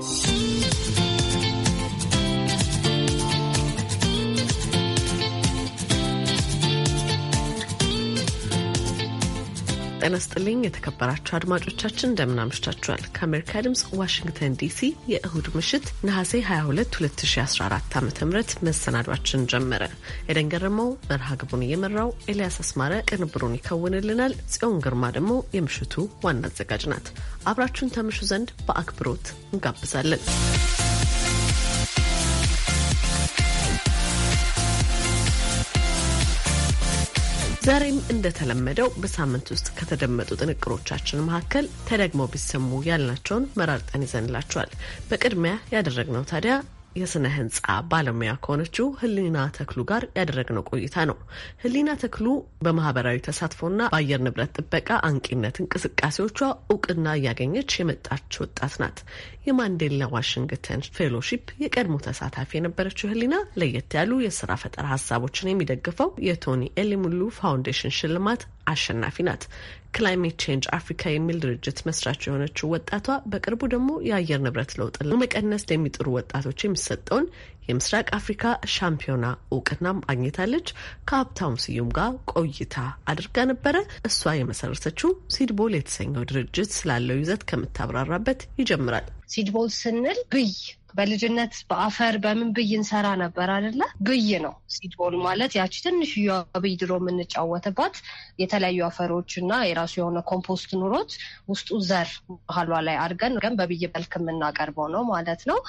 you ጤና ስጥልኝ የተከበራችሁ አድማጮቻችን እንደምን አምሽታችኋል። ከአሜሪካ ድምፅ ዋሽንግተን ዲሲ የእሁድ ምሽት ነሐሴ 22 2014 ዓ ም መሰናዷችን ጀመረ። ኤደን ገረመው መርሃ ግብሩን እየመራው ኤልያስ አስማረ ቅንብሩን ይከውንልናል። ጽዮን ግርማ ደግሞ የምሽቱ ዋና አዘጋጅ ናት። አብራችሁን ተምሹ ዘንድ በአክብሮት እንጋብዛለን። ዛሬም እንደተለመደው በሳምንት ውስጥ ከተደመጡ ጥንቅሮቻችን መካከል ተደግመው ቢሰሙ ያልናቸውን መራርጠን ይዘንላቸዋል። በቅድሚያ ያደረግነው ታዲያ የስነ ህንፃ ባለሙያ ከሆነችው ህሊና ተክሉ ጋር ያደረግነው ቆይታ ነው። ህሊና ተክሉ በማህበራዊ ተሳትፎና በአየር ንብረት ጥበቃ አንቂነት እንቅስቃሴዎቿ እውቅና እያገኘች የመጣች ወጣት ናት። የማንዴላ ዋሽንግተን ፌሎሺፕ የቀድሞ ተሳታፊ የነበረችው ህሊና ለየት ያሉ የስራ ፈጠራ ሀሳቦችን የሚደግፈው የቶኒ ኤሊሙሉ ፋውንዴሽን ሽልማት አሸናፊ ናት። ክላይሜት ቼንጅ አፍሪካ የሚል ድርጅት መስራች የሆነችው ወጣቷ በቅርቡ ደግሞ የአየር ንብረት ለውጥ ለመቀነስ ለሚጥሩ ወጣቶች የሚሰጠውን የምስራቅ አፍሪካ ሻምፒዮና እውቅና አግኝታለች። ከሀብታሙ ስዩም ጋር ቆይታ አድርጋ ነበረ። እሷ የመሰረተችው ሲድቦል የተሰኘው ድርጅት ስላለው ይዘት ከምታብራራበት ይጀምራል። ሲድቦል ስንል ብይ በልጅነት በአፈር በምን ብይ እንሰራ ነበር አይደለ? ብይ ነው ሲድቦል ማለት ያቺ ትንሽ ብይ ድሮ የምንጫወትባት የተለያዩ አፈሮች እና የራሱ የሆነ ኮምፖስት ኑሮት ውስጡ ዘር ባህሏ ላይ አድርገን ግን በብይ መልክ የምናቀርበው ነው ማለት ነው።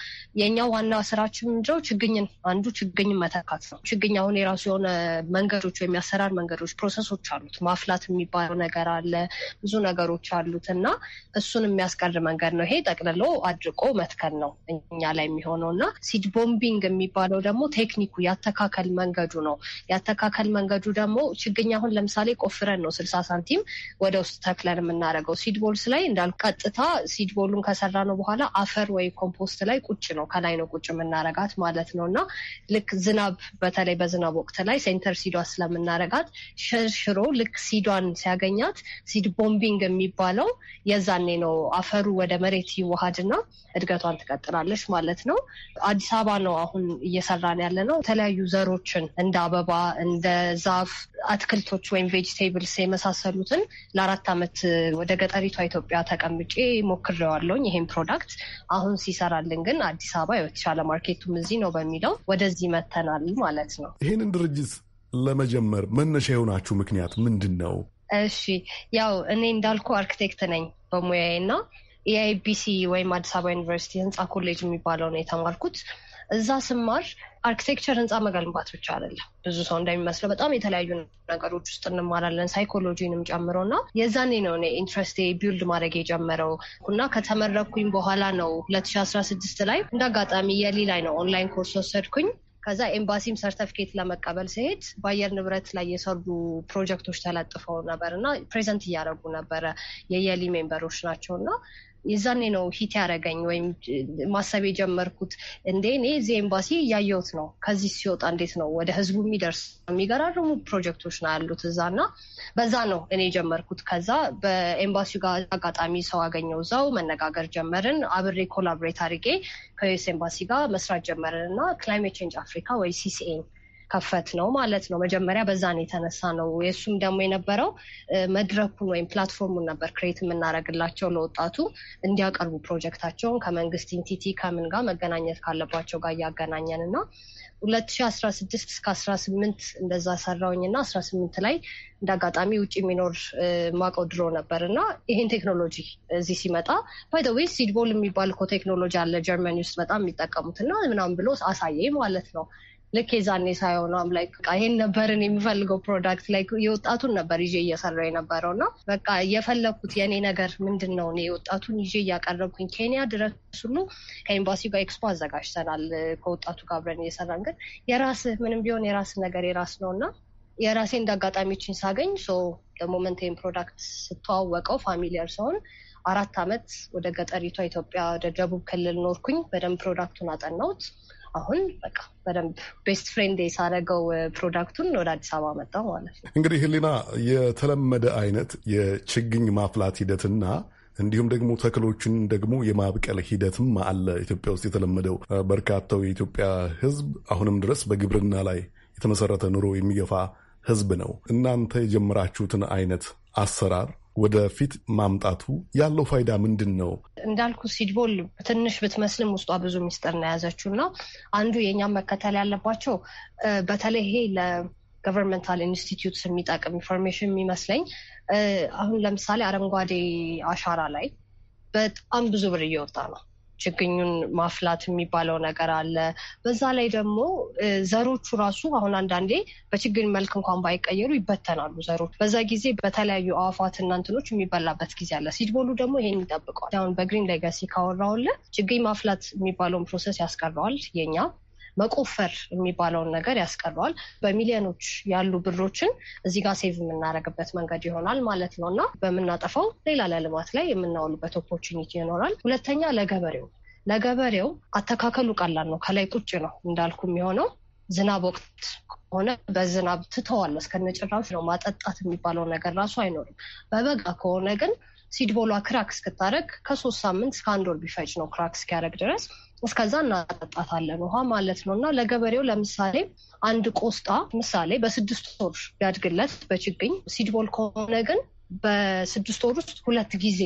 የኛው ዋና ስራችን ምንድነው? ችግኝን አንዱ ችግኝ መተካት ነው። ችግኝ አሁን የራሱ የሆነ መንገዶች ወይም የአሰራር መንገዶች ፕሮሰሶች አሉት። ማፍላት የሚባለው ነገር አለ፣ ብዙ ነገሮች አሉት እና እሱን የሚያስቀር መንገድ ነው ይሄ። ጠቅልሎ አድርቆ መትከል ነው እኛ ላይ የሚሆነው እና ሲድ ቦምቢንግ የሚባለው ደግሞ ቴክኒኩ ያተካከል መንገዱ ነው። ያተካከል መንገዱ ደግሞ ችግኝ አሁን ለምሳሌ ቆፍረን ነው ስልሳ ሳንቲም ወደ ውስጥ ተክለን የምናደርገው። ሲድ ቦልስ ላይ እንዳል ቀጥታ ሲድ ቦሉን ከሰራ ነው በኋላ አፈር ወይ ኮምፖስት ላይ ቁጭ ነው ከላይ ነው ቁጭ የምናረጋት ማለት ነው እና ልክ ዝናብ በተለይ በዝናብ ወቅት ላይ ሴንተር ሲዷ ስለምናረጋት ሽርሽሮ ልክ ሲዷን ሲያገኛት ሲድ ቦምቢንግ የሚባለው የዛኔ ነው አፈሩ ወደ መሬት ይዋሃድና እድገቷን ትቀጥላለች ማለት ማለት ነው። አዲስ አበባ ነው አሁን እየሰራን ያለ ነው። የተለያዩ ዘሮችን እንደ አበባ፣ እንደ ዛፍ፣ አትክልቶች ወይም ቬጅቴብልስ የመሳሰሉትን ለአራት ዓመት ወደ ገጠሪቷ ኢትዮጵያ ተቀምጬ ሞክሬዋለሁኝ። ይሄን ፕሮዳክት አሁን ሲሰራልን ግን አዲስ አበባ የተሻለ ማርኬቱም እዚህ ነው በሚለው ወደዚህ መተናል ማለት ነው። ይህንን ድርጅት ለመጀመር መነሻ የሆናችሁ ምክንያት ምንድን ነው? እሺ ያው እኔ እንዳልኩ አርክቴክት ነኝ በሙያዬ እና የኤቢሲ ወይም አዲስ አበባ ዩኒቨርሲቲ ህንፃ ኮሌጅ የሚባለው ነው የተማርኩት። እዛ ስማር አርኪቴክቸር ህንፃ መገንባት ብቻ አይደለም። ብዙ ሰው እንደሚመስለው በጣም የተለያዩ ነገሮች ውስጥ እንማራለን፣ ሳይኮሎጂንም ጨምሮ እና የዛኔ ነው እኔ ኢንትረስቴ ቢውልድ ማድረግ የጀመረው እና ከተመረኩኝ በኋላ ነው 2016 ላይ እንደ አጋጣሚ የሊ ላይ ነው ኦንላይን ኮርስ ወሰድኩኝ። ከዛ ኤምባሲም ሰርተፊኬት ለመቀበል ሲሄድ በአየር ንብረት ላይ የሰሩ ፕሮጀክቶች ተለጥፈው ነበር እና ፕሬዘንት እያደረጉ ነበረ። የየሊ ሜምበሮች ናቸው እና የዛኔ ነው ሂት ያደረገኝ ወይም ማሰብ የጀመርኩት። እንዴ እኔ እዚህ ኤምባሲ እያየሁት ነው። ከዚህ ሲወጣ እንዴት ነው ወደ ህዝቡ የሚደርስ? የሚገራርሙ ፕሮጀክቶች ነው ያሉት እዛ እና በዛ ነው እኔ ጀመርኩት ከዛ በኤምባሲው ጋር አጋጣሚ ሰው አገኘው እዛው መነጋገር ጀመርን። አብሬ ኮላብሬት አድርጌ ከዩስ ኤምባሲ ጋር መስራት ጀመርን እና ክላይሜት ቼንጅ አፍሪካ ወይ ሲሲኤ ከፈት ነው ማለት ነው። መጀመሪያ በዛን የተነሳ ነው። የእሱም ደግሞ የነበረው መድረኩን ወይም ፕላትፎርሙን ነበር ክሬት የምናደርግላቸው ለወጣቱ እንዲያቀርቡ ፕሮጀክታቸውን ከመንግስት ኢንቲቲ ከምን ጋር መገናኘት ካለባቸው ጋር እያገናኘን እና 2016 እስከ 18 እንደዛ ሰራውኝ እና 18 ላይ እንደ አጋጣሚ ውጭ የሚኖር ማቀው ድሮ ነበር እና ይህን ቴክኖሎጂ እዚህ ሲመጣ ባይተዌ ሲድቦል የሚባል እኮ ቴክኖሎጂ አለ ጀርመኒ ውስጥ በጣም የሚጠቀሙት እና ምናምን ብሎ አሳየ ማለት ነው። ልክ የዛኔ ሳይሆኗም ላይ ይሄን ነበርን የሚፈልገው ፕሮዳክት ላይ የወጣቱን ነበር ይዤ እየሰራ የነበረው እና በቃ የፈለግኩት የእኔ ነገር ምንድን ነው? እኔ የወጣቱን ይዤ እያቀረብኩኝ ኬንያ ድረስ ሁሉ ከኤምባሲ ጋር ኤክስፖ አዘጋጅተናል። ከወጣቱ ጋር አብረን እየሰራን ግን የራስ ምንም ቢሆን የራስ ነገር የራስ ነው እና የራሴ እንደ አጋጣሚዎችን ሳገኝ ደግሞ ፕሮዳክት ስተዋወቀው ፋሚሊየር ሲሆን አራት አመት ወደ ገጠሪቷ ኢትዮጵያ ወደ ደቡብ ክልል ኖርኩኝ። በደንብ ፕሮዳክቱን አጠናውት። አሁን በቃ በደንብ ቤስት ፍሬንድ የሳደገው ፕሮዳክቱን ወደ አዲስ አበባ መጣው ማለት ነው። እንግዲህ ህሊና የተለመደ አይነት የችግኝ ማፍላት ሂደትና እንዲሁም ደግሞ ተክሎችን ደግሞ የማብቀል ሂደትም አለ ኢትዮጵያ ውስጥ የተለመደው። uh, በርካታው የኢትዮጵያ ህዝብ አሁንም ድረስ በግብርና ላይ የተመሰረተ ኑሮ የሚገፋ ህዝብ ነው። እናንተ የጀመራችሁትን አይነት አሰራር ወደፊት ማምጣቱ ያለው ፋይዳ ምንድን ነው? እንዳልኩ ሲድቦል ትንሽ ብትመስልም ውስጧ ብዙ ሚስጥር ነው የያዘችው እና አንዱ የእኛም መከተል ያለባቸው በተለይ ይሄ ለገቨርንመንታል ኢንስቲትዩትስ የሚጠቅም ኢንፎርሜሽን የሚመስለኝ አሁን ለምሳሌ አረንጓዴ አሻራ ላይ በጣም ብዙ ብር እየወጣ ነው ችግኙን ማፍላት የሚባለው ነገር አለ። በዛ ላይ ደግሞ ዘሮቹ ራሱ አሁን አንዳንዴ በችግኝ መልክ እንኳን ባይቀየሩ ይበተናሉ ዘሮች። በዛ ጊዜ በተለያዩ አዋፋትና እንትኖች የሚበላበት ጊዜ አለ። ሲድቦሉ ደግሞ ይሄን ይጠብቀዋል። አሁን በግሪን ሌጋሲ ካወራውለ ችግኝ ማፍላት የሚባለውን ፕሮሰስ ያስቀረዋል የኛ መቆፈር የሚባለውን ነገር ያስቀረዋል። በሚሊዮኖች ያሉ ብሮችን እዚህ ጋር ሴቭ የምናደርግበት መንገድ ይሆናል ማለት ነው እና በምናጠፋው ሌላ ለልማት ላይ የምናውሉበት ኦፖርቹኒቲ ይኖራል። ሁለተኛ ለገበሬው ለገበሬው አተካከሉ ቀላል ነው። ከላይ ቁጭ ነው እንዳልኩ የሚሆነው ዝናብ ወቅት ከሆነ በዝናብ ትተዋል። እስከነጭራሽ ነው ማጠጣት የሚባለው ነገር ራሱ አይኖርም። በበጋ ከሆነ ግን ሲድቦሏ ክራክ እስክታደረግ ከሶስት ሳምንት እስከ አንድ ወር ቢፈጭ ነው ክራክ እስኪያደረግ ድረስ እስከዛ እናጠጣታለን ውሃ ማለት ነው። እና ለገበሬው ለምሳሌ አንድ ቆስጣ ምሳሌ በስድስት ወር ቢያድግለት በችግኝ ሲድቦል ከሆነ ግን በስድስት ወር ውስጥ ሁለት ጊዜ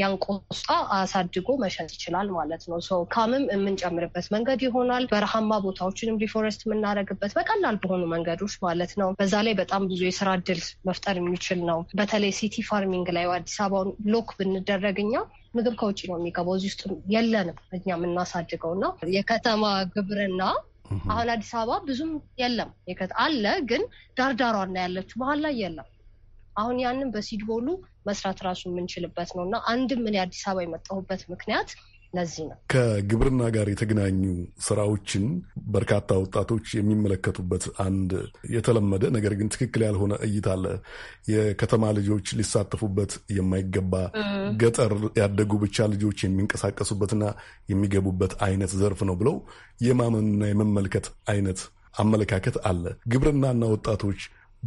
ያን ቆስጣ አሳድጎ መሸጥ ይችላል ማለት ነው። ሰው ካምም የምንጨምርበት መንገድ ይሆናል። በረሃማ ቦታዎችንም ሪፎረስት የምናደርግበት በቀላል በሆኑ መንገዶች ማለት ነው። በዛ ላይ በጣም ብዙ የስራ እድል መፍጠር የሚችል ነው። በተለይ ሲቲ ፋርሚንግ ላይ አዲስ አበባውን ሎክ ብንደረግ እኛ ምግብ ከውጭ ነው የሚገባው፣ እዚህ ውስጥ የለንም እኛ የምናሳድገው እና የከተማ ግብርና አሁን አዲስ አበባ ብዙም የለም አለ፣ ግን ዳርዳሯና ያለችው መሀል ላይ የለም አሁን ያንን በሲድቦሉ መስራት ራሱ የምንችልበት ነው እና አንድም እኔ አዲስ አበባ የመጣሁበት ምክንያት ለዚህ ነው። ከግብርና ጋር የተገናኙ ስራዎችን በርካታ ወጣቶች የሚመለከቱበት አንድ የተለመደ ነገር ግን ትክክል ያልሆነ እይታ አለ። የከተማ ልጆች ሊሳተፉበት የማይገባ ገጠር ያደጉ ብቻ ልጆች የሚንቀሳቀሱበትና የሚገቡበት አይነት ዘርፍ ነው ብለው የማመንና የመመልከት አይነት አመለካከት አለ። ግብርናና ወጣቶች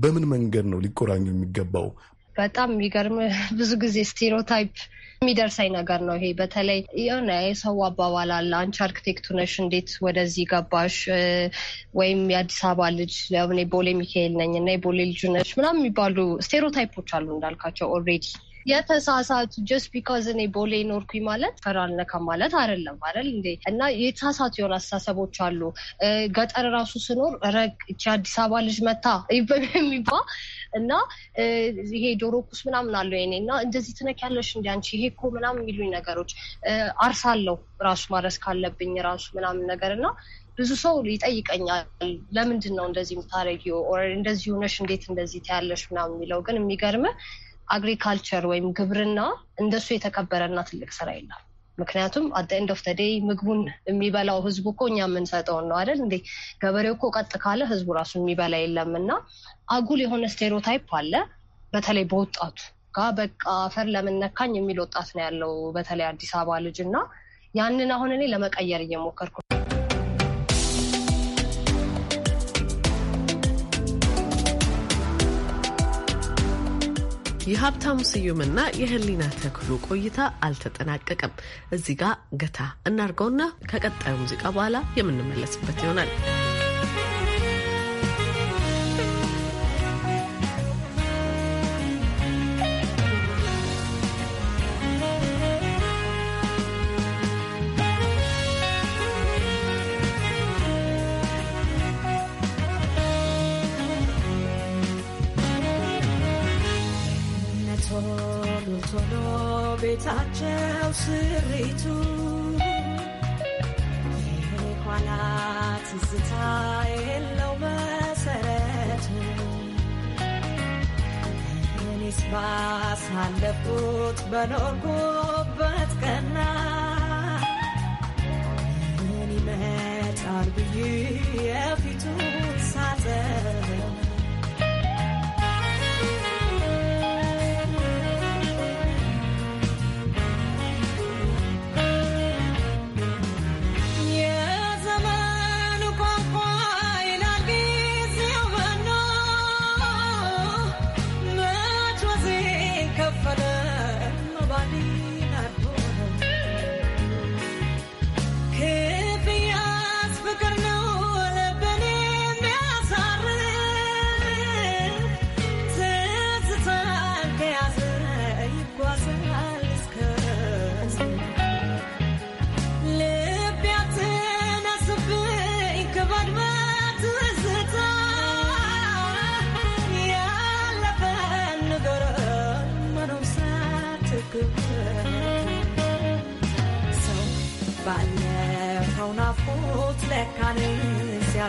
በምን መንገድ ነው ሊቆራኙ የሚገባው? በጣም የሚገርም ብዙ ጊዜ ስቴሪዮታይፕ የሚደርሰኝ ነገር ነው ይሄ። በተለይ የሆነ የሰው አባባል አለ፣ አንቺ አርክቴክቱ ነሽ እንዴት ወደዚህ ገባሽ? ወይም የአዲስ አበባ ልጅ ቦሌ ሚካኤል ነኝ እና የቦሌ ልጁ ነሽ ምናምን የሚባሉ ስቴሪዮታይፖች አሉ እንዳልካቸው ኦልሬዲ የተሳሳቱ ጀስት ቢካዝ እኔ ቦሌ ኖርኩኝ ማለት ፈራልነካ ማለት አይደለም አይደል እንዴ? እና የተሳሳቱ የሆነ አስተሳሰቦች አሉ። ገጠር ራሱ ስኖር ረግ እቺ አዲስ አበባ ልጅ መታ የሚባ እና ይሄ ዶሮ ኩስ ምናምን አለው ኔ እና እንደዚህ ትነክ ያለሽ እንዲ አንቺ ይሄ እኮ ምናምን የሚሉኝ ነገሮች አርሳለሁ ራሱ ማረስ ካለብኝ ራሱ ምናምን ነገር እና ብዙ ሰው ይጠይቀኛል። ለምንድን ነው እንደዚህ የምታረጊው? እንደዚህ ሆነሽ እንዴት እንደዚህ ታያለሽ ምናምን የሚለው ግን የሚገርምህ አግሪካልቸር ወይም ግብርና እንደሱ የተከበረና ትልቅ ስራ የለም። ምክንያቱም አደ ኤንድ ኦፍ ተደይ ምግቡን የሚበላው ህዝቡ እኮ እኛ የምንሰጠውን ነው አይደል እንዴ? ገበሬው እኮ ቀጥ ካለ ህዝቡ ራሱ የሚበላ የለም። እና አጉል የሆነ ስቴሪዮታይፕ አለ፣ በተለይ በወጣቱ ጋ በቃ አፈር ለምነካኝ የሚል ወጣት ነው ያለው፣ በተለይ አዲስ አበባ ልጅ እና ያንን አሁን እኔ ለመቀየር እየሞከርኩ የሀብታሙ ስዩምና የህሊና ተክሉ ቆይታ አልተጠናቀቀም። እዚህ ጋር ገታ እናርገውና ከቀጣዩ ሙዚቃ በኋላ የምንመለስበት ይሆናል። የለው መሰረት እኔስ ባሳለፍኩት በኖርኩበት ቀና እኔ መጣል ብዬ የፊቱን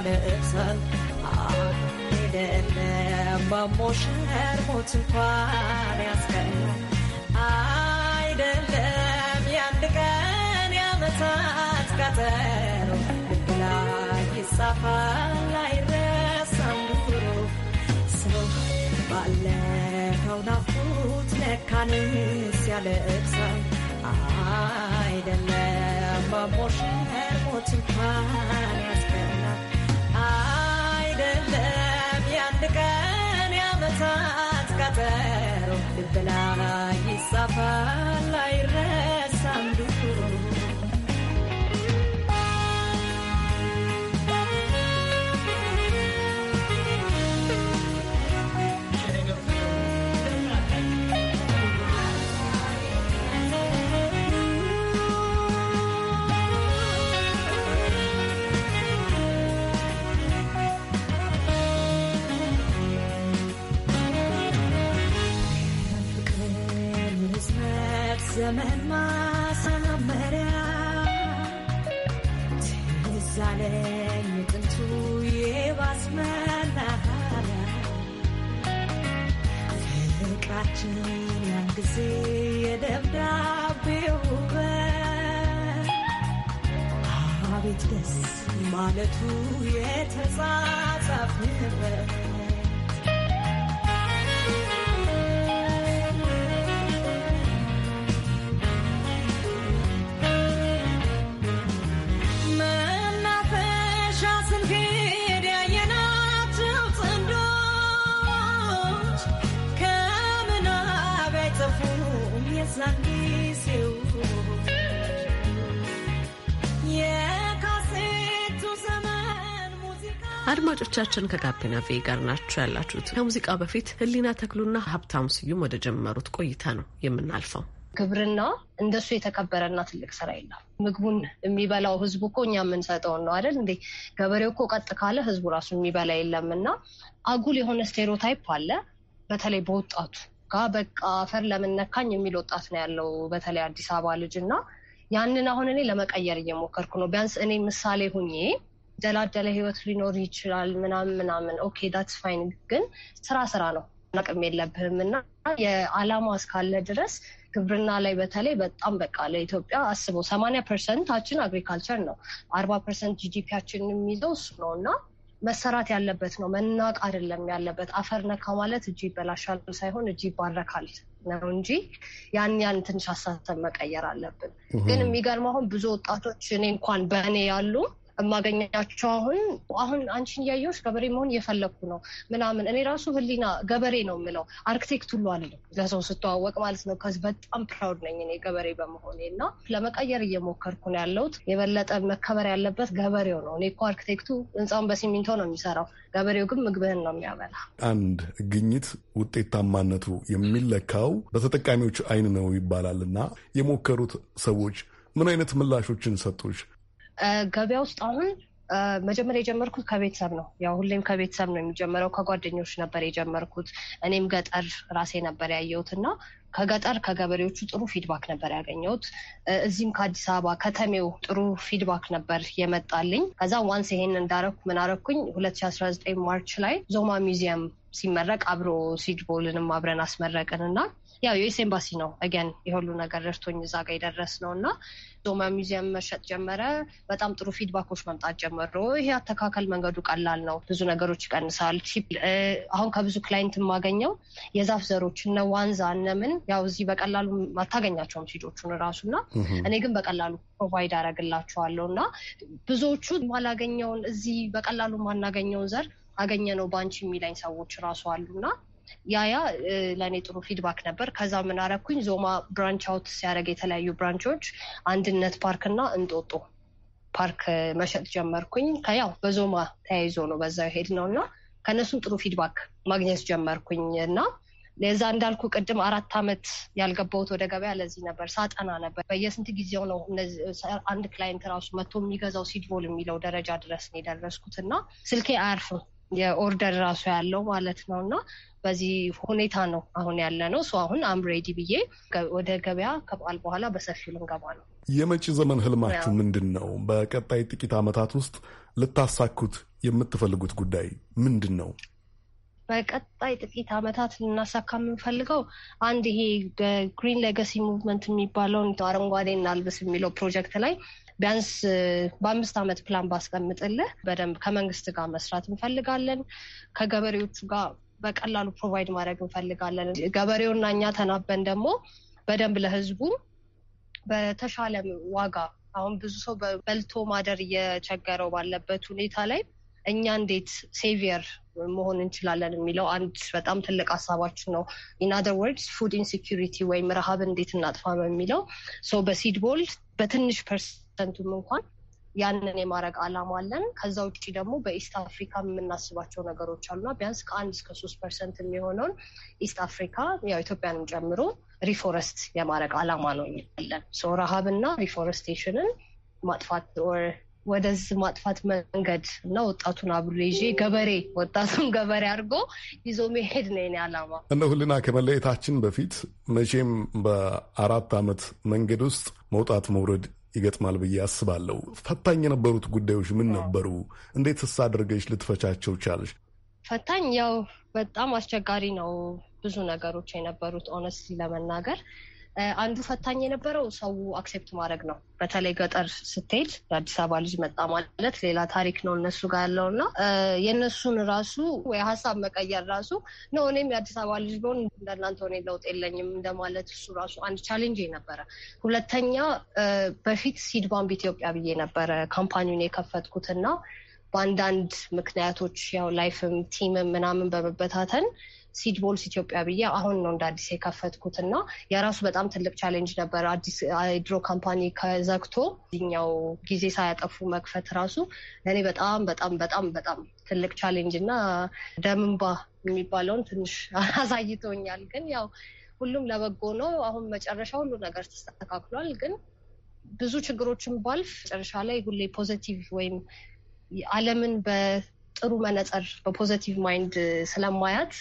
ያለእሳል አይደለም በሞሽር ሞት እንኳን ያስቀናል አይደለም የአንድ ቀን ያመሳት ቀጠሮ ልብ ላይ ይጻፋል አይረሳም ድሮ ሰው ባለፈው የቀን የዓመታት ቀጠሮ ልብላ ይሳፋል አይረ ስምህን ማሳመሪያ ትዝ አለኝ የጥንቱ አቤት ደስ ማለቱ የተጻጻፍንበት አድማጮቻችን ከጋቢና ቬ ጋር ናቸው ያላችሁት። ከሙዚቃ በፊት ህሊና ተክሉና ሀብታሙ ስዩም ወደ ጀመሩት ቆይታ ነው የምናልፈው። ግብርና እንደሱ የተከበረና ትልቅ ስራ የለም። ምግቡን የሚበላው ህዝቡ እኮ እኛ የምንሰጠውን ነው አይደል እንዴ? ገበሬው እኮ ቀጥ ካለ ህዝቡ ራሱ የሚበላ የለም። እና አጉል የሆነ ስቴሪዮታይፕ አለ፣ በተለይ በወጣቱ ጋ በቃ አፈር ለምነካኝ የሚል ወጣት ነው ያለው፣ በተለይ አዲስ አበባ ልጅ እና ያንን አሁን እኔ ለመቀየር እየሞከርኩ ነው። ቢያንስ እኔ ምሳሌ ሁኜ ደላደለ ህይወት ሊኖር ይችላል ምናምን ምናምን። ኦኬ ዳትስ ፋይን፣ ግን ስራ ስራ ነው አቅም የለብህም እና የአላማ እስካለ ድረስ ግብርና ላይ በተለይ በጣም በቃ ለኢትዮጵያ አስበው ሰማንያ ፐርሰንታችን አግሪካልቸር ነው። አርባ ፐርሰንት ጂዲፒያችን የሚይዘው እሱ ነው እና መሰራት ያለበት ነው መናቅ አይደለም ያለበት። አፈር ነካ ማለት እጅ ይበላሻል ሳይሆን እጅ ይባረካል ነው እንጂ ያን ያን ትንሽ አሳተን መቀየር አለብን። ግን የሚገርም አሁን ብዙ ወጣቶች እኔ እንኳን በእኔ ያሉ የማገኛቸው አሁን አሁን አንቺን እያየሁሽ ገበሬ መሆን እየፈለግኩ ነው ምናምን እኔ ራሱ ህሊና ገበሬ ነው የምለው አርክቴክት ሁሉ አልልም ለሰው ስተዋወቅ ማለት ነው። ከዚህ በጣም ፕራውድ ነኝ እኔ ገበሬ በመሆኔ እና ለመቀየር እየሞከርኩ ነው ያለሁት። የበለጠ መከበር ያለበት ገበሬው ነው። እኔ እኮ አርክቴክቱ ህንፃውን በሲሚንቶ ነው የሚሰራው፣ ገበሬው ግን ምግብህን ነው የሚያበላ። አንድ ግኝት ውጤታማነቱ የሚለካው በተጠቃሚዎች አይን ነው ይባላል እና የሞከሩት ሰዎች ምን አይነት ምላሾችን ሰጡች ገበያ ውስጥ አሁን መጀመሪያ የጀመርኩት ከቤተሰብ ነው። ያው ሁሌም ከቤተሰብ ነው የሚጀመረው። ከጓደኞች ነበር የጀመርኩት። እኔም ገጠር ራሴ ነበር ያየሁት እና ከገጠር ከገበሬዎቹ ጥሩ ፊድባክ ነበር ያገኘሁት። እዚህም ከአዲስ አበባ ከተሜው ጥሩ ፊድባክ ነበር የመጣልኝ። ከዛ ዋንስ ይሄን እንዳረኩ ምን አረኩኝ፣ 2019 ማርች ላይ ዞማ ሚዚየም ሲመረቅ አብሮ ሲድቦልንም አብረን አስመረቅን እና ያው ዩኤስ ኤምባሲ ነው አገን የሁሉ ነገር ረድቶኝ እዛ ጋር የደረስ ነው እና ዞማ ሚዚየም መሸጥ ጀመረ። በጣም ጥሩ ፊድባኮች መምጣት ጀመሩ። ይሄ አተካከል መንገዱ ቀላል ነው፣ ብዙ ነገሮች ይቀንሳል። አሁን ከብዙ ክላይንት የማገኘው የዛፍ ዘሮች እነ ዋንዛ እነምን ያው እዚህ በቀላሉ አታገኛቸውም ሲዶቹን ራሱ እና እኔ ግን በቀላሉ ፕሮቫይድ አረግላቸዋለሁ እና ብዙዎቹ ማላገኘውን እዚህ በቀላሉ ማናገኘውን ዘር አገኘ ነው በአንቺ የሚለኝ ሰዎች ራሱ አሉና ያያ ለእኔ ጥሩ ፊድባክ ነበር። ከዛ ምን አረኩኝ ዞማ ብራንች አውት ሲያደርግ የተለያዩ ብራንቾች አንድነት ፓርክ እና እንጦጦ ፓርክ መሸጥ ጀመርኩኝ። ከያው በዞማ ተያይዞ ነው በዛ ሄድ ነው እና ከእነሱም ጥሩ ፊድባክ ማግኘት ጀመርኩኝ እና ለዛ እንዳልኩ ቅድም አራት ዓመት ያልገባሁት ወደ ገበያ ለዚህ ነበር። ሳጠና ነበር በየስንት ጊዜው ነው አንድ ክላይንት ራሱ መቶ የሚገዛው ሲድቮል የሚለው ደረጃ ድረስ ነው የደረስኩት እና ስልኬ አያርፍም የኦርደር ራሱ ያለው ማለት ነው እና በዚህ ሁኔታ ነው አሁን ያለ ነው። እሱ አሁን አምሬዲ ብዬ ወደ ገበያ ከበዓል በኋላ በሰፊው ልንገባ ነው። የመጪ ዘመን ህልማችሁ ምንድን ነው? በቀጣይ ጥቂት ዓመታት ውስጥ ልታሳኩት የምትፈልጉት ጉዳይ ምንድን ነው? በቀጣይ ጥቂት ዓመታት ልናሳካ የምንፈልገው አንድ ይሄ ግሪን ሌጋሲ ሙቭመንት የሚባለውን አረንጓዴ እናልብስ የሚለው ፕሮጀክት ላይ ቢያንስ በአምስት ዓመት ፕላን ባስቀምጥልህ በደንብ ከመንግስት ጋር መስራት እንፈልጋለን። ከገበሬዎቹ ጋር በቀላሉ ፕሮቫይድ ማድረግ እንፈልጋለን። ገበሬውና እኛ ተናበን ደግሞ በደንብ ለህዝቡ በተሻለ ዋጋ አሁን ብዙ ሰው በልቶ ማደር እየቸገረው ባለበት ሁኔታ ላይ እኛ እንዴት ሴቪየር መሆን እንችላለን የሚለው አንድ በጣም ትልቅ ሀሳባችን ነው። ኢንአደር ወርድስ ፉድ ኢንሴኪሪቲ ወይም ረሃብ እንዴት እናጥፋ ነው የሚለው ሰው በሲድቦል በትንሽ ፐርስ ፐርሰንቱም እንኳን ያንን የማድረግ አላማ አለን። ከዛ ውጭ ደግሞ በኢስት አፍሪካ የምናስባቸው ነገሮች አሉና ቢያንስ ከአንድ እስከ ሶስት ፐርሰንት የሚሆነውን ኢስት አፍሪካ ያው ኢትዮጵያንም ጨምሮ ሪፎረስት የማድረግ አላማ ነው ያለን። ሶ ረሃብና ሪፎረስቴሽንን ማጥፋት ወደዚህ ማጥፋት መንገድ እና ወጣቱን አብሮ ይዤ ገበሬ ወጣቱን ገበሬ አድርጎ ይዞ መሄድ ነው የኔ አላማ። እነ ሁልና ከመለየታችን በፊት መቼም በአራት ዓመት መንገድ ውስጥ መውጣት መውረድ ይገጥማል ብዬ አስባለሁ። ፈታኝ የነበሩት ጉዳዮች ምን ነበሩ? ስሳ አድርገሽ ልትፈቻቸው ቻለሽ? ፈታኝ ያው በጣም አስቸጋሪ ነው ብዙ ነገሮች የነበሩት ኦነስትሊ ለመናገር አንዱ ፈታኝ የነበረው ሰው አክሴፕት ማድረግ ነው። በተለይ ገጠር ስትሄድ የአዲስ አበባ ልጅ መጣ ማለት ሌላ ታሪክ ነው እነሱ ጋር ያለው እና የእነሱን ራሱ ወይ ሀሳብ መቀየር ራሱ ነው። እኔም የአዲስ አበባ ልጅ ቢሆን እንደናንተ ሆኔ ለውጥ የለኝም እንደማለት እሱ ራሱ አንድ ቻሌንጅ ነበረ። ሁለተኛ በፊት ሲድ ባምብ ኢትዮጵያ ብዬ ነበረ ካምፓኒውን የከፈትኩትና በአንዳንድ ምክንያቶች ያው ላይፍም ቲምም ምናምን በመበታተን ሲድ ቦልስ ኢትዮጵያ ብዬ አሁን ነው እንደ አዲስ የከፈትኩት እና የራሱ በጣም ትልቅ ቻሌንጅ ነበር። አዲስ ሃይድሮ ካምፓኒ ከዘግቶ ኛው ጊዜ ሳያጠፉ መክፈት ራሱ ለእኔ በጣም በጣም በጣም በጣም ትልቅ ቻሌንጅ እና ደምንባ የሚባለውን ትንሽ አሳይቶኛል። ግን ያው ሁሉም ለበጎ ነው። አሁን መጨረሻ ሁሉ ነገር ተስተካክሏል። ግን ብዙ ችግሮችን ባልፍ መጨረሻ ላይ ሁሌ ፖዘቲቭ ወይም ዓለምን በጥሩ መነጽር በፖዘቲቭ ማይንድ ስለማያት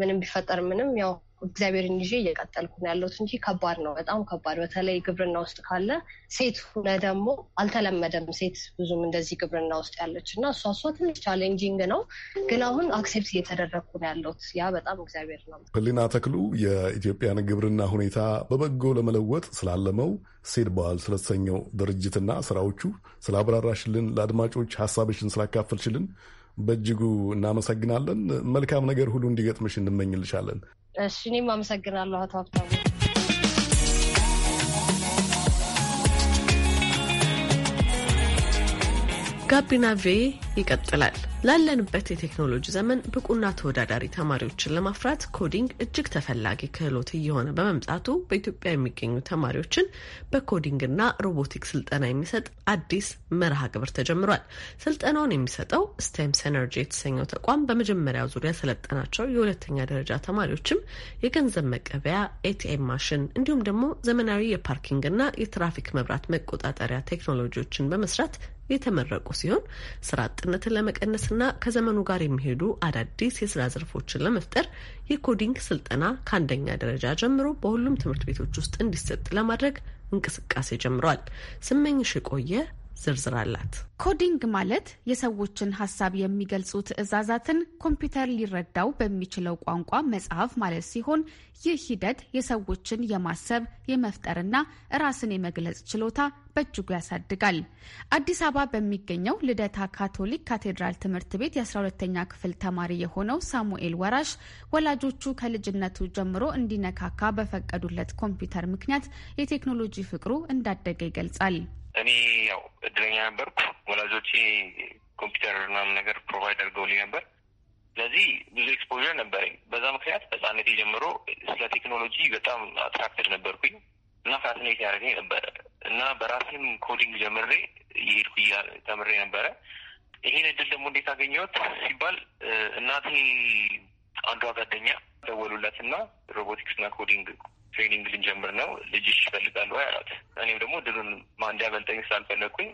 ምንም ቢፈጠር ምንም ያው እግዚአብሔርን ይዤ እየቀጠልኩ ነው ያለሁት እንጂ ከባድ ነው፣ በጣም ከባድ። በተለይ ግብርና ውስጥ ካለ ሴት ሆነ ደግሞ አልተለመደም። ሴት ብዙም እንደዚህ ግብርና ውስጥ ያለች እና እሷ እሷ ትንሽ ቻሌንጂንግ ነው፣ ግን አሁን አክሴፕት እየተደረግኩ ነው ያለሁት። ያ በጣም እግዚአብሔር ነው። ህሊና ተክሉ የኢትዮጵያን ግብርና ሁኔታ በበጎ ለመለወጥ ስላለመው ሴድ በዓል ስለተሰኘው ድርጅትና ስራዎቹ ስላብራራሽልን፣ ለአድማጮች ሀሳብሽን ስላካፈልሽልን በእጅጉ እናመሰግናለን። መልካም ነገር ሁሉ እንዲገጥምሽ እንመኝልሻለን። እሺ፣ እኔም አመሰግናለሁ አቶ ሀብታሙ። ጋቢና ቬ ይቀጥላል። ላለንበት የቴክኖሎጂ ዘመን ብቁና ተወዳዳሪ ተማሪዎችን ለማፍራት ኮዲንግ እጅግ ተፈላጊ ክህሎት እየሆነ በመምጣቱ በኢትዮጵያ የሚገኙ ተማሪዎችን በኮዲንግና ሮቦቲክ ስልጠና የሚሰጥ አዲስ መርሃ ግብር ተጀምሯል። ስልጠናውን የሚሰጠው ስቴም ሰነርጂ የተሰኘው ተቋም በመጀመሪያው ዙሪያ ያሰለጠናቸው የሁለተኛ ደረጃ ተማሪዎችም የገንዘብ መቀበያ ኤቲኤም ማሽን እንዲሁም ደግሞ ዘመናዊ የፓርኪንግና የትራፊክ መብራት መቆጣጠሪያ ቴክኖሎጂዎችን በመስራት የተመረቁ ሲሆን ስራ አጥነትን ለመቀነስና ከዘመኑ ጋር የሚሄዱ አዳዲስ የስራ ዘርፎችን ለመፍጠር የኮዲንግ ስልጠና ከአንደኛ ደረጃ ጀምሮ በሁሉም ትምህርት ቤቶች ውስጥ እንዲሰጥ ለማድረግ እንቅስቃሴ ጀምሯል። ስመኝሽ የቆየ ዝርዝር አላት። ኮዲንግ ማለት የሰዎችን ሀሳብ የሚገልጹ ትዕዛዛትን ኮምፒውተር ሊረዳው በሚችለው ቋንቋ መጽሐፍ ማለት ሲሆን ይህ ሂደት የሰዎችን የማሰብ የመፍጠርና ራስን የመግለጽ ችሎታ በእጅጉ ያሳድጋል። አዲስ አበባ በሚገኘው ልደታ ካቶሊክ ካቴድራል ትምህርት ቤት የ12ተኛ ክፍል ተማሪ የሆነው ሳሙኤል ወራሽ ወላጆቹ ከልጅነቱ ጀምሮ እንዲነካካ በፈቀዱለት ኮምፒውተር ምክንያት የቴክኖሎጂ ፍቅሩ እንዳደገ ይገልጻል። እኔ ያው እድለኛ ነበርኩ። ወላጆቼ ኮምፒውተር ምናምን ነገር ፕሮቫይድ አድርገውልኝ ነበር። ስለዚህ ብዙ ኤክስፖዥር ነበረኝ። በዛ ምክንያት ህጻነቴ ጀምሮ ስለ ቴክኖሎጂ በጣም አትራክትድ ነበርኩኝ እና ፋሲኔት ያደረገኝ ነበረ እና በራሴም ኮዲንግ ጀምሬ እየሄድኩ ተምሬ ነበረ። ይሄን እድል ደግሞ እንዴት አገኘሁት ሲባል እናቴ አንዷ ጓደኛ ደወሉለት እና ሮቦቲክስ እና ኮዲንግ ትሬኒንግ ልንጀምር ነው ልጅሽ ይፈልጋሉ ወይ አላት። እኔም ደግሞ ድሉን እንዲያመልጠኝ ስላልፈለግኩኝ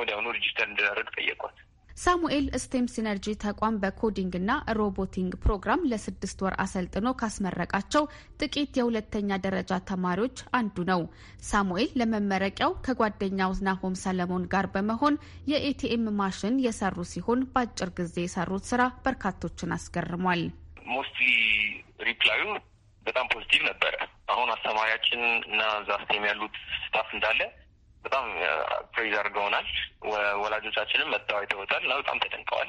ወዲያውኑ ሬጅስተር እንድናደርግ ጠየቋት። ሳሙኤል ስቴም ሲነርጂ ተቋም በኮዲንግ እና ሮቦቲንግ ፕሮግራም ለስድስት ወር አሰልጥኖ ካስመረቃቸው ጥቂት የሁለተኛ ደረጃ ተማሪዎች አንዱ ነው። ሳሙኤል ለመመረቂያው ከጓደኛው ናሆም ሰለሞን ጋር በመሆን የኤቲኤም ማሽን የሰሩ ሲሆን በአጭር ጊዜ የሰሩት ስራ በርካቶችን አስገርሟል። ሞስትሊ ሪፕላዩ በጣም ፖዚቲቭ ነበረ። አሁን አስተማሪያችን እና ዛስቴም ያሉት ስታፍ እንዳለ በጣም ፕሬዝ አድርገውናል። ወላጆቻችንም መጥተው አይተውታል እና በጣም ተደንቀዋል።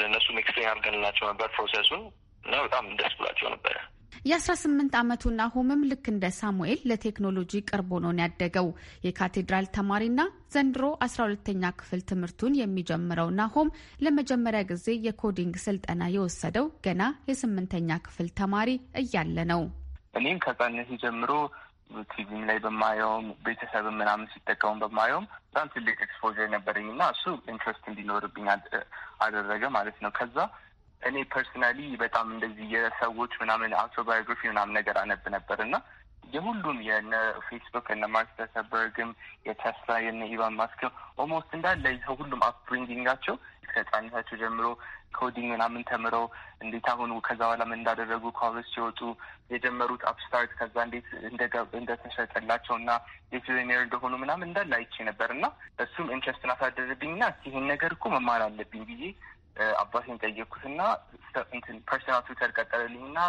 ለእነሱም ኤክስፕሌን አድርገንላቸው ነበር ፕሮሰሱን እና በጣም ደስ ብላቸው ነበረ። የአስራ ስምንት ዓመቱ ናሆምም ልክ እንደ ሳሙኤል ለቴክኖሎጂ ቅርቦ ነው ያደገው። የካቴድራል ተማሪና ዘንድሮ አስራ ሁለተኛ ክፍል ትምህርቱን የሚጀምረው ናሆም ለመጀመሪያ ጊዜ የኮዲንግ ስልጠና የወሰደው ገና የስምንተኛ ክፍል ተማሪ እያለ ነው። እኔም ከጻነት ጀምሮ ቲቪም ላይ በማየውም ቤተሰብ ምናምን ሲጠቀሙም በማየውም በጣም ትልቅ ኤክስፖዘር ነበረኝ እና እሱ ኢንትረስት እንዲኖርብኝ አደረገ ማለት ነው። ከዛ እኔ ፐርሰናሊ በጣም እንደዚህ የሰዎች ምናምን አውቶባዮግራፊ ምናምን ነገር አነብ ነበር እና የሁሉም የነ ፌስቡክ እነ ማርክ ዘከርበርግም የቴስላ የነ ኢቫን ማስክም ኦልሞስት እንዳለ ሁሉም አፕብሪንጊንጋቸው ከህጻንነታቸው ጀምሮ ኮዲንግ ምናምን ተምረው እንዴት አሁን ከዛ በኋላ ምን እንዳደረጉ ከዋበስ ሲወጡ የጀመሩት አፕስታርት ከዛ እንዴት እንደተሸጠላቸው እና የፊዘኒር እንደሆኑ ምናምን እንዳለ አይቼ ነበር እና እሱም ኢንትረስትን አሳደረብኝ ና ይህን ነገር እኮ መማር አለብኝ ብዬ አባቴን ጠየቅኩትና እንትን ፐርሰናል ቱተር ቀጠለልኝ እና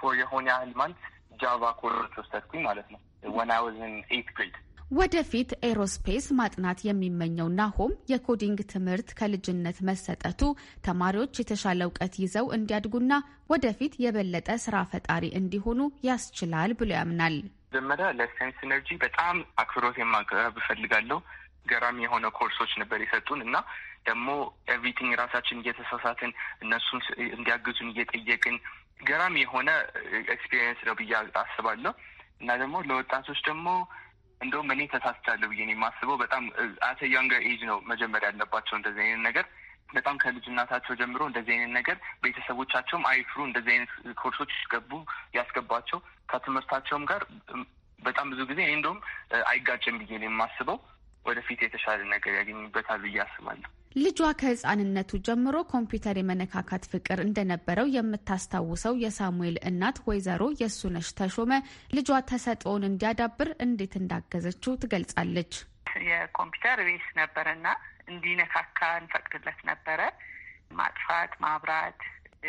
ፎር የሆነ ያህል ማንት ጃቫ ኮርስ ወሰድኩኝ ማለት ነው ወን አይ ዋዝ ኢን ኤይት ግሬድ ወደፊት ኤሮስፔስ ማጥናት የሚመኘው ናሆም የኮዲንግ ትምህርት ከልጅነት መሰጠቱ ተማሪዎች የተሻለ እውቀት ይዘው እንዲያድጉና ወደፊት የበለጠ ስራ ፈጣሪ እንዲሆኑ ያስችላል ብሎ ያምናል። መጀመሪያ ለሳይንስ ኢነርጂ በጣም አክብሮት የማቅረብ እፈልጋለሁ። ገራሚ የሆነ ኮርሶች ነበር የሰጡን እና ደግሞ ኤቭሪቲንግ ራሳችን እየተሳሳትን እነሱን እንዲያግዙን እየጠየቅን ገራሚ የሆነ ኤክስፒሪየንስ ነው ብዬ አስባለሁ እና ደግሞ ለወጣቶች ደግሞ እንደውም እኔ ተሳስቻለሁ ብዬ የማስበው በጣም አተ ያንገር ኤጅ ነው መጀመሪያ ያለባቸው እንደዚህ አይነት ነገር በጣም ከልጅናታቸው ጀምሮ እንደዚህ አይነት ነገር ቤተሰቦቻቸውም አይፍሩ፣ እንደዚህ አይነት ኮርሶች ገቡ ያስገባቸው ከትምህርታቸውም ጋር በጣም ብዙ ጊዜ እኔ እንደውም አይጋጭም ብዬ ነው የማስበው። ወደፊት የተሻለ ነገር ያገኝበታል ብዬ አስባለሁ። ልጇ ከህፃንነቱ ጀምሮ ኮምፒውተር የመነካካት ፍቅር እንደነበረው የምታስታውሰው የሳሙኤል እናት ወይዘሮ የሱነሽ ተሾመ ልጇ ተሰጥኦውን እንዲያዳብር እንዴት እንዳገዘችው ትገልጻለች። የኮምፒውተር ቤስ ነበረና እንዲነካካ እንፈቅድለት ነበረ። ማጥፋት፣ ማብራት፣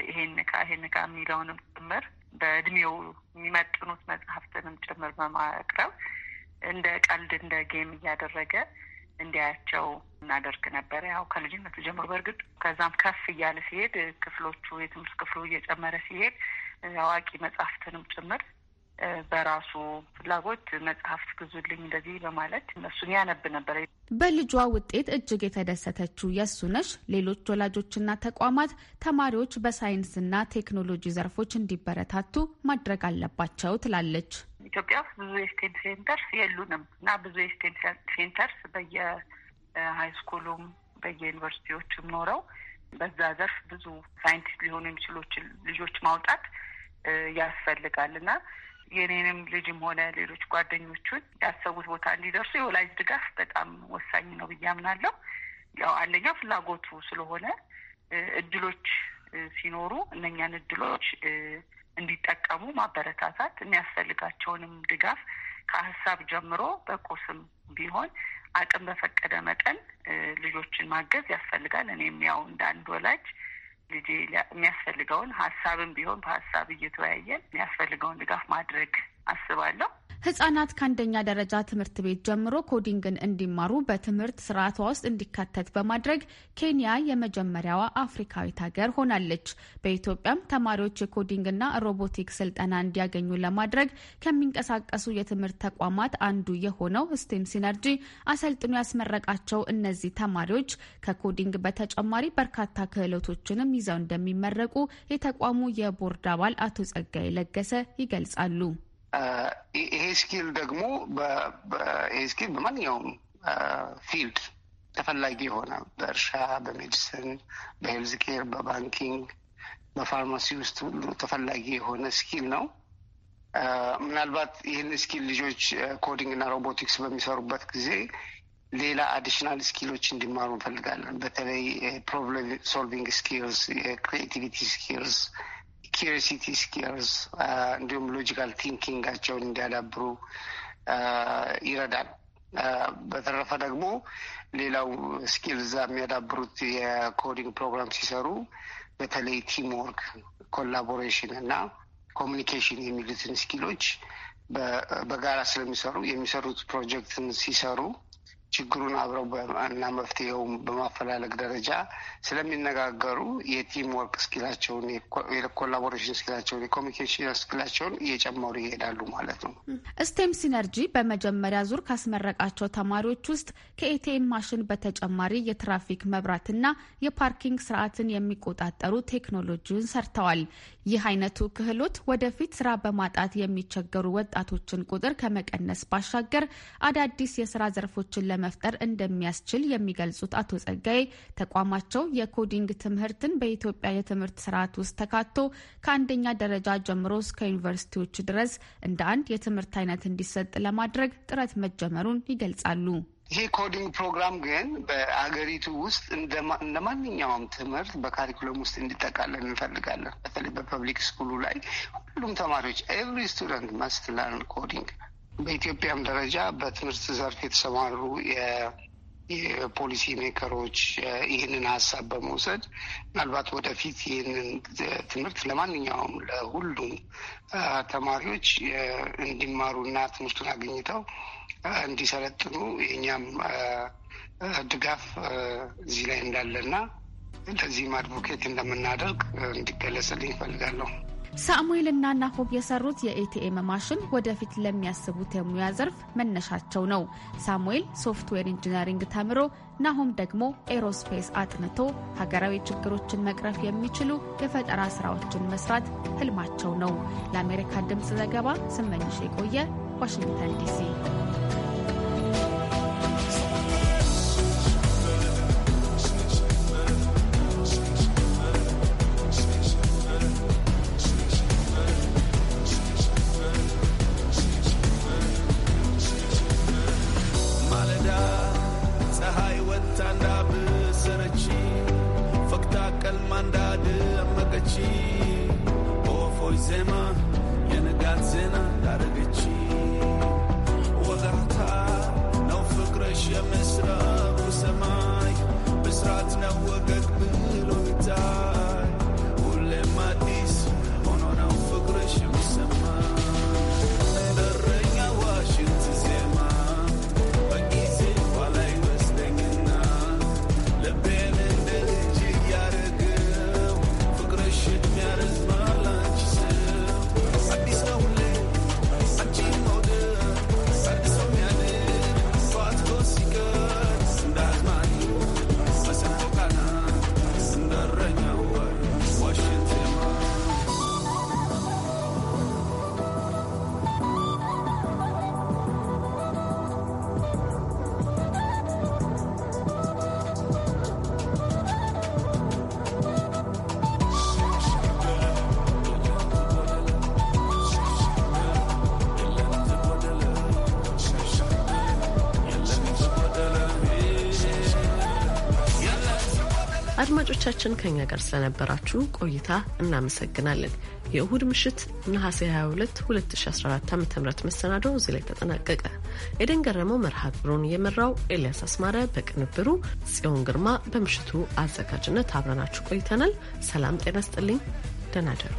ይሄን ንካ ይሄን ንካ የሚለውንም ጭምር በእድሜው የሚመጥኑት መጽሐፍትንም ጭምር በማቅረብ እንደ ቀልድ እንደ ጌም እያደረገ እንዲያያቸው እናደርግ ነበረ። ያው ከልጅነቱ ጀምሮ በእርግጥ ከዛም ከፍ እያለ ሲሄድ ክፍሎቹ የትምህርት ክፍሉ እየጨመረ ሲሄድ አዋቂ መጽሐፍትንም ጭምር በራሱ ፍላጎት መጽሐፍት ግዙልኝ እንደዚህ በማለት እነሱን ያነብ ነበረ። በልጇ ውጤት እጅግ የተደሰተችው የሱነሽ ሌሎች ወላጆችና ተቋማት ተማሪዎች በሳይንስና ቴክኖሎጂ ዘርፎች እንዲበረታቱ ማድረግ አለባቸው ትላለች። ኢትዮጵያ ውስጥ ብዙ የስቴም ሴንተርስ የሉንም እና ብዙ የስቴም ሴንተርስ በየሃይስኩሉም በየዩኒቨርሲቲዎችም ኖረው በዛ ዘርፍ ብዙ ሳይንቲስት ሊሆኑ የሚችሎችን ልጆች ማውጣት ያስፈልጋል እና የኔንም ልጅም ሆነ ሌሎች ጓደኞቹን ያሰቡት ቦታ እንዲደርሱ የወላጅ ድጋፍ በጣም ወሳኝ ነው ብዬ አምናለሁ። ያው አንደኛው ፍላጎቱ ስለሆነ እድሎች ሲኖሩ እነኛን እድሎች እንዲጠቀሙ ማበረታታት፣ የሚያስፈልጋቸውንም ድጋፍ ከሀሳብ ጀምሮ በቁስም ቢሆን አቅም በፈቀደ መጠን ልጆችን ማገዝ ያስፈልጋል። እኔም ያው እንደ አንድ ወላጅ ልጄ የሚያስፈልገውን ሀሳብም ቢሆን በሀሳብ እየተወያየን የሚያስፈልገውን ድጋፍ ማድረግ አስባለሁ። ህጻናት ከአንደኛ ደረጃ ትምህርት ቤት ጀምሮ ኮዲንግን እንዲማሩ በትምህርት ስርዓቷ ውስጥ እንዲካተት በማድረግ ኬንያ የመጀመሪያዋ አፍሪካዊት ሀገር ሆናለች። በኢትዮጵያም ተማሪዎች የኮዲንግና ሮቦቲክ ስልጠና እንዲያገኙ ለማድረግ ከሚንቀሳቀሱ የትምህርት ተቋማት አንዱ የሆነው ስቴም ሲነርጂ አሰልጥኖ ያስመረቃቸው እነዚህ ተማሪዎች ከኮዲንግ በተጨማሪ በርካታ ክህሎቶችንም ይዘው እንደሚመረቁ የተቋሙ የቦርድ አባል አቶ ጸጋይ ለገሰ ይገልጻሉ። ይሄ ስኪል ደግሞ ይሄ ስኪል በማንኛውም ፊልድ ተፈላጊ የሆነ በእርሻ፣ በሜዲሲን፣ በሄልዝ ኬር፣ በባንኪንግ፣ በፋርማሲ ውስጥ ሁሉ ተፈላጊ የሆነ ስኪል ነው። ምናልባት ይህን ስኪል ልጆች ኮዲንግ እና ሮቦቲክስ በሚሰሩበት ጊዜ ሌላ አዲሽናል ስኪሎች እንዲማሩ እንፈልጋለን። በተለይ ፕሮብለም ሶልቪንግ ስኪልስ፣ የክሪኤቲቪቲ ስኪልስ ኪሪሲቲ ስኪልስ uh, እንዲሁም ሎጂካል ቲንኪንጋቸውን እንዲያዳብሩ uh, ይረዳል። uh, በተረፈ ደግሞ ሌላው ስኪል እዛ የሚያዳብሩት የኮዲንግ ፕሮግራም ሲሰሩ በተለይ ቲም ወርክ፣ ኮላቦሬሽን እና ኮሚኒኬሽን የሚሉትን ስኪሎች በጋራ ስለሚሰሩ የሚሰሩት ፕሮጀክትን ሲሰሩ ችግሩን አብረው እና መፍትሄውን በማፈላለግ ደረጃ ስለሚነጋገሩ የቲም ወርክ ስኪላቸውን፣ የኮላቦሬሽን ስኪላቸውን፣ የኮሚኒኬሽን ስኪላቸውን እየጨመሩ ይሄዳሉ ማለት ነው። ስቴም ሲነርጂ በመጀመሪያ ዙር ካስመረቃቸው ተማሪዎች ውስጥ ከኤቲኤም ማሽን በተጨማሪ የትራፊክ መብራትና የፓርኪንግ ስርዓትን የሚቆጣጠሩ ቴክኖሎጂውን ሰርተዋል። ይህ አይነቱ ክህሎት ወደፊት ስራ በማጣት የሚቸገሩ ወጣቶችን ቁጥር ከመቀነስ ባሻገር አዳዲስ የስራ ዘርፎችን ለመ መፍጠር እንደሚያስችል የሚገልጹት አቶ ጸጋዬ ተቋማቸው የኮዲንግ ትምህርትን በኢትዮጵያ የትምህርት ስርዓት ውስጥ ተካቶ ከአንደኛ ደረጃ ጀምሮ እስከ ዩኒቨርሲቲዎች ድረስ እንደ አንድ የትምህርት አይነት እንዲሰጥ ለማድረግ ጥረት መጀመሩን ይገልጻሉ። ይሄ ኮዲንግ ፕሮግራም ግን በአገሪቱ ውስጥ እንደ ማንኛውም ትምህርት በካሪኩለም ውስጥ እንዲጠቃለን እንፈልጋለን። በተለይ በፐብሊክ ስኩሉ ላይ ሁሉም ተማሪዎች ኤቭሪ ስቱደንት መስት ለርን ኮዲንግ በኢትዮጵያም ደረጃ በትምህርት ዘርፍ የተሰማሩ የፖሊሲ ሜከሮች ይህንን ሀሳብ በመውሰድ ምናልባት ወደፊት ይህንን ትምህርት ለማንኛውም ለሁሉም ተማሪዎች እንዲማሩና ትምህርቱን አግኝተው እንዲሰለጥኑ የእኛም ድጋፍ እዚህ ላይ እንዳለና ለዚህም አድቮኬት እንደምናደርግ እንዲገለጽልኝ ይፈልጋለሁ። ሳሙኤልና ናሆም የሰሩት የኤቲኤም ማሽን ወደፊት ለሚያስቡት የሙያ ዘርፍ መነሻቸው ነው። ሳሙኤል ሶፍትዌር ኢንጂነሪንግ ተምሮ፣ ናሆም ደግሞ ኤሮስፔስ አጥንቶ ሀገራዊ ችግሮችን መቅረፍ የሚችሉ የፈጠራ ስራዎችን መስራት ህልማቸው ነው። ለአሜሪካ ድምፅ ዘገባ ስመኝሽ የቆየ ዋሽንግተን ዲሲ አድማጮቻችን ከኛ ጋር ስለነበራችሁ ቆይታ እናመሰግናለን። የእሁድ ምሽት ነሐሴ 22 2014 ዓ ም መሰናዶ እዚህ ላይ ተጠናቀቀ። ኤደን ገረመው መርሃ ግብሩን የመራው ኤልያስ አስማረ በቅንብሩ፣ ጽዮን ግርማ በምሽቱ አዘጋጅነት አብረናችሁ ቆይተናል። ሰላም ጤና ስጥልኝ። ደህና ደሩ።